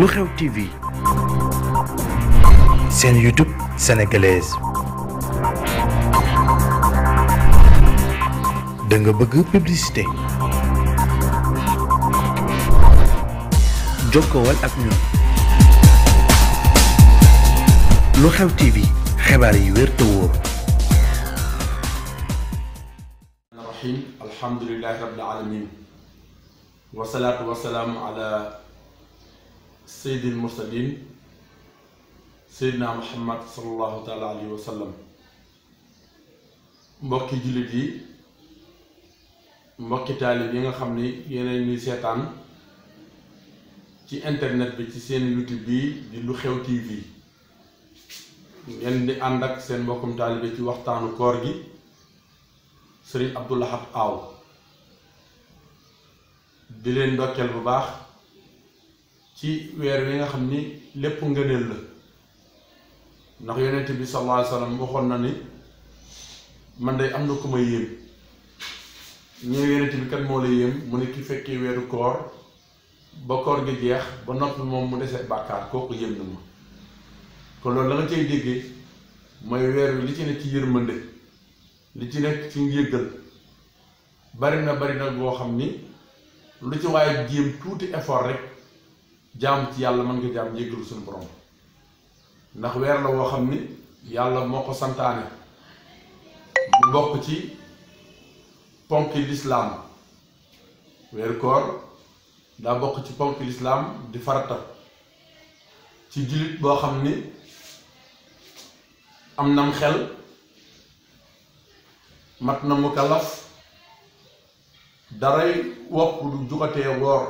lu xew TV seen YouTube sénégalaise da nga bëgg publicité jokkowal ak ñun lu xew TV xibaar yi wér te wóor. alhamdulilah rabbil alamin wasalaatu wasalaamu ala seydil mursalin seydina muhammad sallallahu taala alayhi mbokki jullit yi mbokki taalib yi nga xam ni yeneen ñuy seetaan ci internet bi ci seen youtube bi di lu xew tv ngeen di ànd ak seen mbokkum taalibe ci waxtaanu koor gi sëriñ Abdou Lahad di leen ndokkeel bu baax ci weer wi nga xam ni lépp ngëneel la ndax yonent bi sallallahu alayhi wasallam na ni man de am na ku ma yéem ñëw yonent bi kat moo la yéem mu ne ki fekkee weeru koor ba koor gi jeex ba noppi moom mu desee bàkkaar kooku yéem ma kon loolu la nga cay déggee mooy weer wi li ci nekk ci yërmande li ci nekk ci njëggal bari na bari boo xam ni lu ci waaye jéem tuuti effort rek jaam ci yàlla mën nga jaam jéggalu suñu borom ndax weer la woo xam ni yàlla moo ko santaane mu bokk ci ponki lislaam weeru koor daa bokk ci ponki lislaam di farata ci jullit boo xam ni am nam xel mat na mu kalaf daray wopp du jugatee woor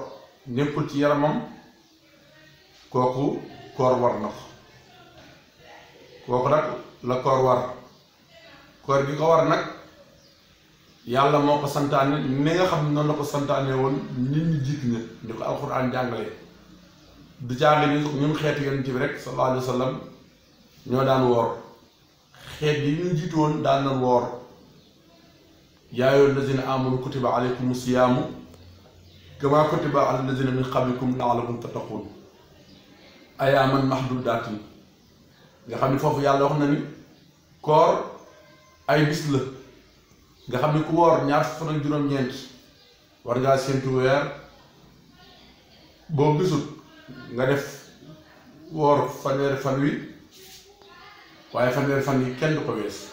nekkul ci yaramam kooku koor war na ko kooku nag la koor war koor gi ko war nag yàlla moo ko santaane ni nga xam ne noonu ko santaane woon nit ñi jiit ña di ko alxuraan jàngale du caagi ñu ñun xeetu yonent bi rek sallallahu alayhi wa sallam ñoo daan woor xeet yi ñu jiitu woon daan na woor yaa ayyuha allazina amanu kutiba alaykum siyaamu kama kutiba ala allazina min qablikum laalakum tattaqun ayaaman mahduudaatin nga xam ne foofu yàlla wax na ni koor ay bis la nga xam ne ku woor ñaar fan ak juróom-ñeent war ngaa séntu weer boo gisul nga def woor fanweeri fan wi waaye fanweeri fan yi kenn du ko wees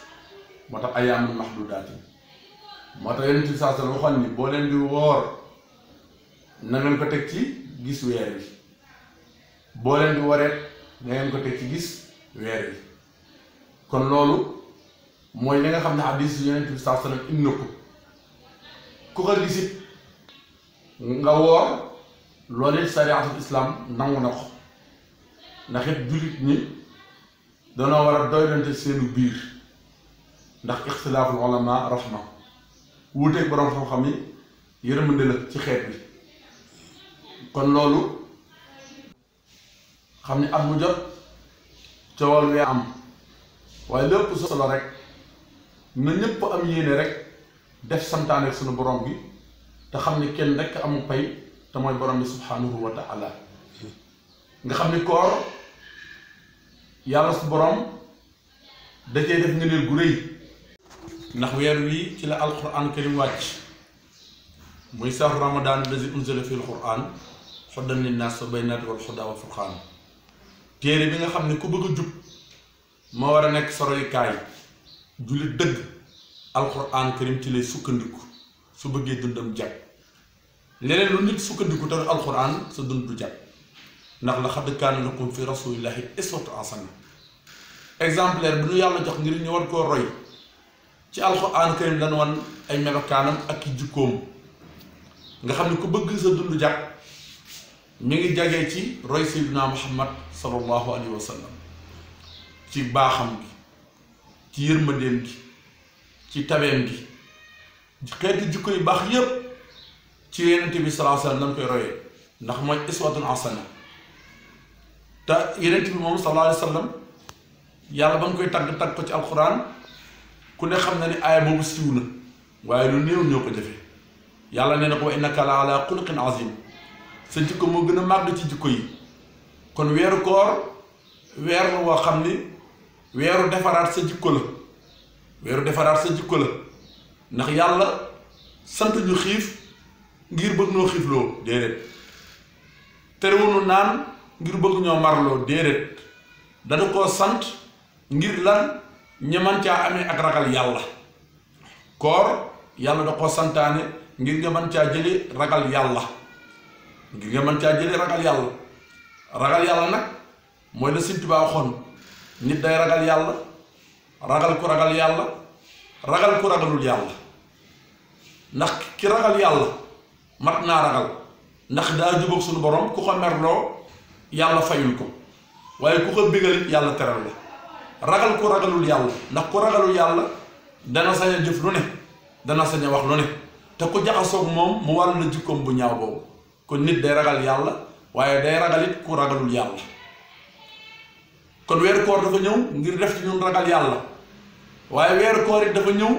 moo tax ayaaman mahduudaatin moo tax yeneen ci saa waxoon ni boo leen di woor na ngeen ko teg ci gis weer wi boo leen di wareet na ngeen ko teg ci gis weer yi kon loolu mooy li nga xam ne hadiis yonent bi saa sallam indi na ko ku ko gisit nga woor loolu sariatul islam nangu na ko ndax it jullit ñi danoo war a doylante seenu biir ndax ixtilaaful ulama rahma wuuteeg borom xam-xam yi yërmande la ci xeet bi kon loolu xam ni at mu jot coowal wee am waaye lépp solo rek na ñëpp am yéene rek def santaane sunu borom bi te xam ni kenn rek amu pay te mooy borom bi subhanahu wa nga xam ni koor yàlla su borom da cee def ngëneel gu rëy ndax weer wii ci la alquran karim wàcc muy saaru ramadan lazi unzila fi alquran xuddan linnaas wa baynati wal xuda wal furqaan téere bi nga xam ne ku bëgg a jub moo war a nekk sa royukaay jullit dëgg alxuraan karim ci lay sukkandiku su bëggee dundam jàpp leneen lu nit sukkandiku te alxuraan sa dund du ndax la xadd kaana lakum fi rasulillahi iswatu asana exemplaire bu ñu yàlla jox ngir ñu war koo roy ci alxuraan karim lan wan ay melokaanam ak i jikkoom nga xam ne ku bëgg sa dund jàpp mi ngi jagee ci roy sayyidina muhammad sallallahu alayhi wa sallam ci baaxam gi ci yërmandeem gi ci tabeem gi xeeti jikko yu baax yépp ci yonent bi sallallahu alayhi lañ koy royee ndax mooy iswatun hasana te yonent bi moom sallallahu alayhi wa yàlla ba nga koy tagg tagg ko ci alxuraan ku ne xam na ni aaya boobu siiw na waaye lu néew ñoo ko defee yàlla nee na ko wa innaka la ala xuluqin azim sa jikko moo gën a màgg ci jikko yi kon weeru koor weer la woo xam ni weeru defaraat sa jikko la weeru defaraat sa jikko la ndax yàlla sant ñu xiif ngir bëgg ñoo xiifloo déedéet terewunu naan ngir bëgg ñoo marloo déedéet dana koo sant ngir lan ñeman caa amee ak ragal yàlla koor yàlla da ko santaane ngir nga mën caa jële ragal yàlla ngir nga mën caa jële ragal yàlla ragal yàlla nag mooy la Sëñ Tuubaa waxoon nit day ragal yàlla ragal ku ragal yàlla ragal ku ragalul ndax ki ragal yàlla mat naa ragal ndax daa jubóog suñu borom ku ko merloo yàlla fayul ko waaye ku ko bégal yàlla teral la ragal ku ragalul yàlla ndax ku ragalul yàlla dana sañ jëf lu ne dana sañ a wax lu ne te ku jaxasoog moom mu wàllu la jikkoom bu ñaaw boobu kon nit day ragal yàlla waaye day ragal it ku ragalul yàlla kon weeru koor dafa ñëw ngir def ci ñun ragal yàlla waaye weeru koor it dafa ñëw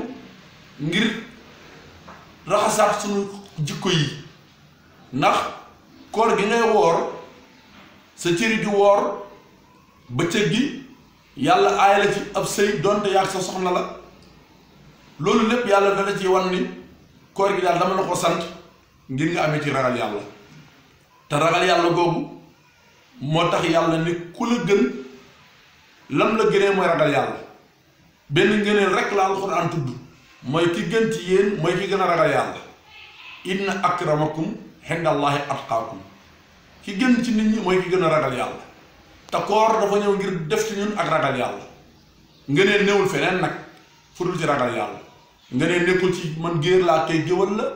ngir raxasaat suñu jikko yi ndax koor gi ngay woor sa cëri di woor bëccëg gi yàlla aay ci ab sëy donte yaag sa soxna la loolu lépp yàlla dana ci wan ni koor gi daal dama la ko sant ngir nga amee ci ragal yàlla te ragal yàlla googu moo tax yàlla ni ku la gën lan la gënee mooy ragal yàlla benn ngëneel rek la alxuraan tudd mooy ki gën ci yéen mooy ki gën a ragal yàlla inna akramakum xindallaahi atqaakum ki gën ci nit ñi mooy ki gën a ragal yàlla te koor dafa ñëw ngir def si ñun ak ragal yàlla ngëneel newul feneen nag fu dul ci ragal yàlla ngëneel nekkul ci man géer laa koy géwal la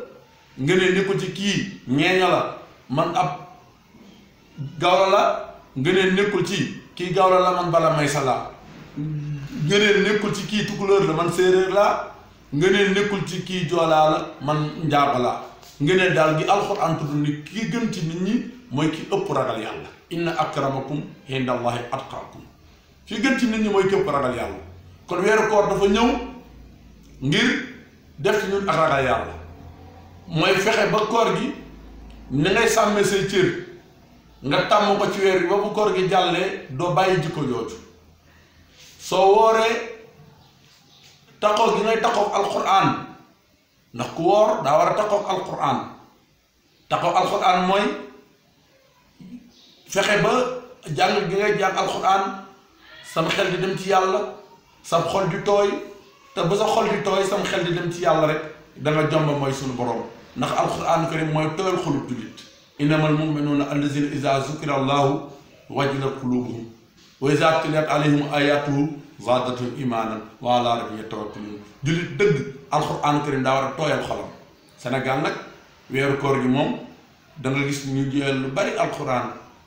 ngëneel nekkul ci kii ñeeña la man ab gawla la ngëneel nekkul ci kii gawla la man bala may sa laa nekkul ci kii tukulóor la man séeréer laa ngëneel nekkul ci kii joolaa la man njaaba laa ngëneel daal gi alxuraan tudd ni ki gën ci nit ñi mooy ki ëpp ragal yàlla inna akramakum indallahi atqaakum fi gën ci nit ñi mooy ki ëpp ragal yàlla kon weeru koor dafa ñëw ngir def ñun ak ragal yàlla mooy fexe ba koor gi ni ngay sàmmee say cër nga tàmm ko ci weer bi ba bu koor gi jàllee doo bàyyi jikko jooju soo wooree taxoo gi ngay taxoog alquran ndax ku woor daa war a taxoog alquran taxoog alquran mooy fexe ba jàng gi ngay jàng alquran sam xel di dem ci yàlla sam xol di tooy te ba sa xol di tooy sam xel di dem ci yàlla rek da nga jomb mooy sunu borom ndax alquran karim mooy tooyal xolub jullit innamal mu'minuuna allazina izaa zukira allahu wajilat qulubuhum wa izaa tuliyat alayhim ayatuhu zaadathum imaanan wa alaa rabbihim yatawakkaluun jullit dëgg alxuraan karim daa war a tooyal xolam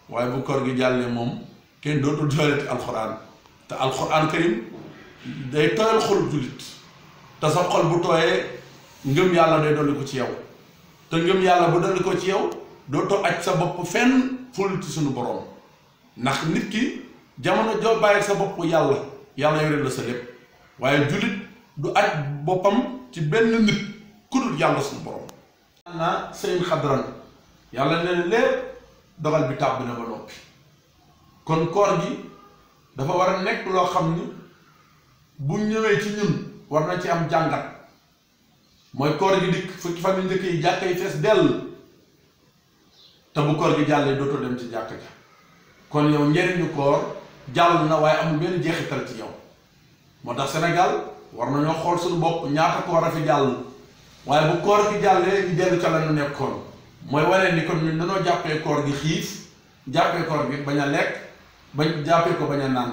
waaye bu koor gi jàllee moom kenn dootul dooleti alxuraan te alxuraan karim day tooyal xol jullit te sa xol bu tooyee ngëm yàlla day dolli ko ci yow te ngëm yàlla bu dolli ko ci yow. dootoo aj sa bopp fenn ful ci suñu boroom ndax nit ki jamono joo bàyyi sa bopp yàlla yàlla yore la sa lépp waaye jullit du aj boppam ci benn nit ku dul yàlla suñu boroom naa sëñ xadran yàlla leen lépp dogal bi tàbb na ba noppi kon koor gi dafa war a nekk loo xam ni bu ñëwee ci ñun war na ci am jàngat mooy koor gi dikk fukki fan yu njëkk yi jàkka yi fees dell te bu koor gi jàllee dootoo dem ci jàkk ja kon yow njëriñu koor jàll na waaye amul benn jeexital ci yow moo tax senegal war nañoo xool suñu bopp ñaata koor a fi jàll waaye bu koor gi jàllee ñu dellu ca la nekkoon mooy waree ni kon ñun dañoo jàppee koor gi xiif jàppee koor gi bañ a lekk bañ jàppee ko bañ a naan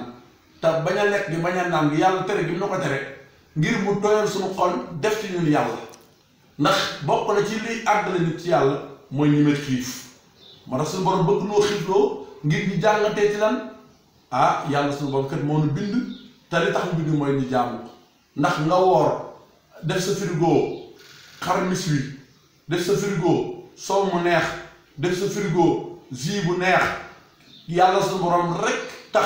te bañ a lekk gi bañ a naan gi yàlla tere gi mu ko tere ngir mu doyal suñu xol def ci ñun yàlla ndax bokk na ci liy àgg la ci yàlla mooy moo tax suñu borom bëgg noo xiifloo ngir ñu jàngatee ci lan ah yàlla suñu borom kat moo nu bind te li tax mu bind mooy ñu jaamu ndax nga woor def sa frigo xar mis wi def sa frigo soow mu neex def sa frigo jus bu neex yàlla suñu borom rek tax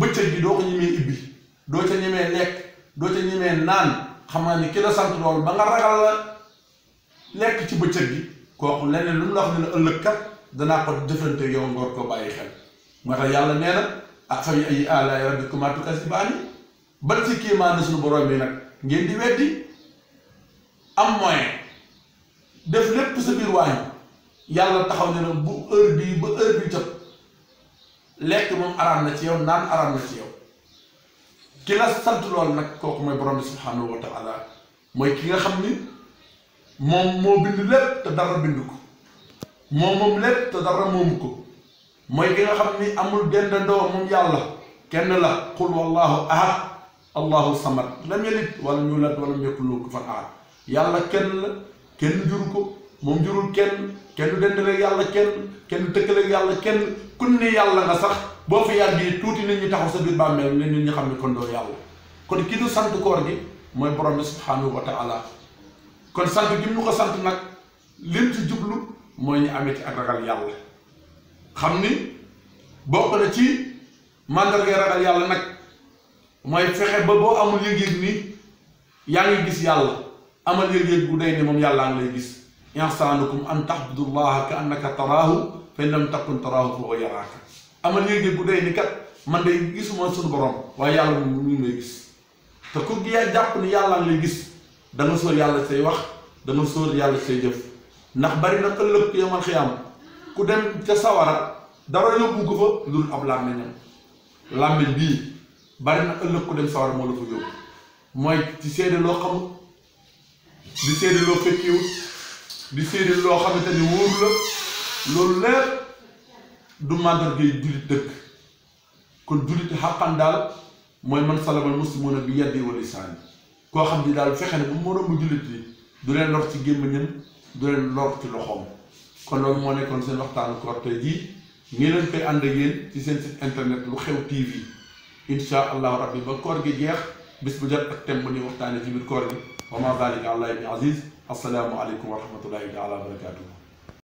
bëccëg bi doo ko ñemee ibbi doo ca ñemee lekk doo ca ñemee naan xam naa ni kilo la sant loolu ba nga ragal lekk ci bëccëg bi kooku leneen lu mu la wax ne la ëllëg kat danaa ko jëflante yow nga koo bàyyi xel moo tax yàlla nee na ah fa bi ay aalaay rabbikumaa tukazzibaan ban ci kéemaan suñu borom yi nag ngeen di weddi am moyen def lépp sa biir waañ yàlla taxaw ne nag bu heure bii ba heure bi jot lekk moom araam na ci yow naan araam na ci yow ki la sant lool nag kooku mooy borom bi subhaanahu wa taala mooy ki nga xam ni moom moo bind lépp te dara bind ko. moom moom lépp te dara moomu ko mooy ki nga xam ni amul dendandoo moom yàlla kenn la qul wallahu ahad allahu samad lam yalid walam yulad walam yakul lahu kufuwan ahad yàlla kenn la kenn juru ko moom jurul kenn kenn dendaleeg yàlla kenn kenn dëkkaleeg yàlla kenn ku ne yàlla nga sax boo fi yàggee tuuti nit ñu taxaw sa biir bàmmeel ne nit ñi xam ne kon doo yàlla kon ki du sant koor gi mooy borom bi subhanahu wa taala kon sant gi mu ko sant nag lim ci jublu mooy ñu amee ci ak ragal yàlla xam ni bokk na ci màndargay ragal yàlla nag mooy fexe ba boo amul yëg-yëg ni yaa ngi gis yàlla amal yëg-yëg bu day moom yàllaa ngi gis insaanukum an taxbudullaha ka annaka taraahu fa in bu day ni kat man day gisuma suñu borom waaye yàlla moom mu ngi lay gis te ku gi yaa jàpp ni yàllaa ngi lay gis da nga sóor yàlla say wax da nga sóor yàlla say jëf ndax bari na ëllëg ku yamal xiyaam ku dem ca sawara dara yóbbu ko fa loolu ab làmmiñam làmmiñ bii bari na ëllëg ku dem sawara moo la fa yóbbu mooy ci seede loo xamut di seede loo fekkiwut di seede loo xamante ni wóor la loolu lépp du màndargay jullit dëkk kon jullit xàqan daal mooy man salamal muslimuna bi yaddi wa lisaani koo xam ni daal fexe ne bu moroom bu jullit yi du leen lor ci gémmiñam du leen lor ci loxoom kon loolu moo nekkoon seen waxtaanu koor tey jii nii leen koy ànd ak yéen ci seen site internet lu xew TV insha allahu rabbi ba koor gi jeex bis bu jot ak thème bu ñuy waxtaanee ci biir koor gi wa ma zalika allahi bi aziz assalaamu aleykum wa rahmatullahi taala wa barakatuh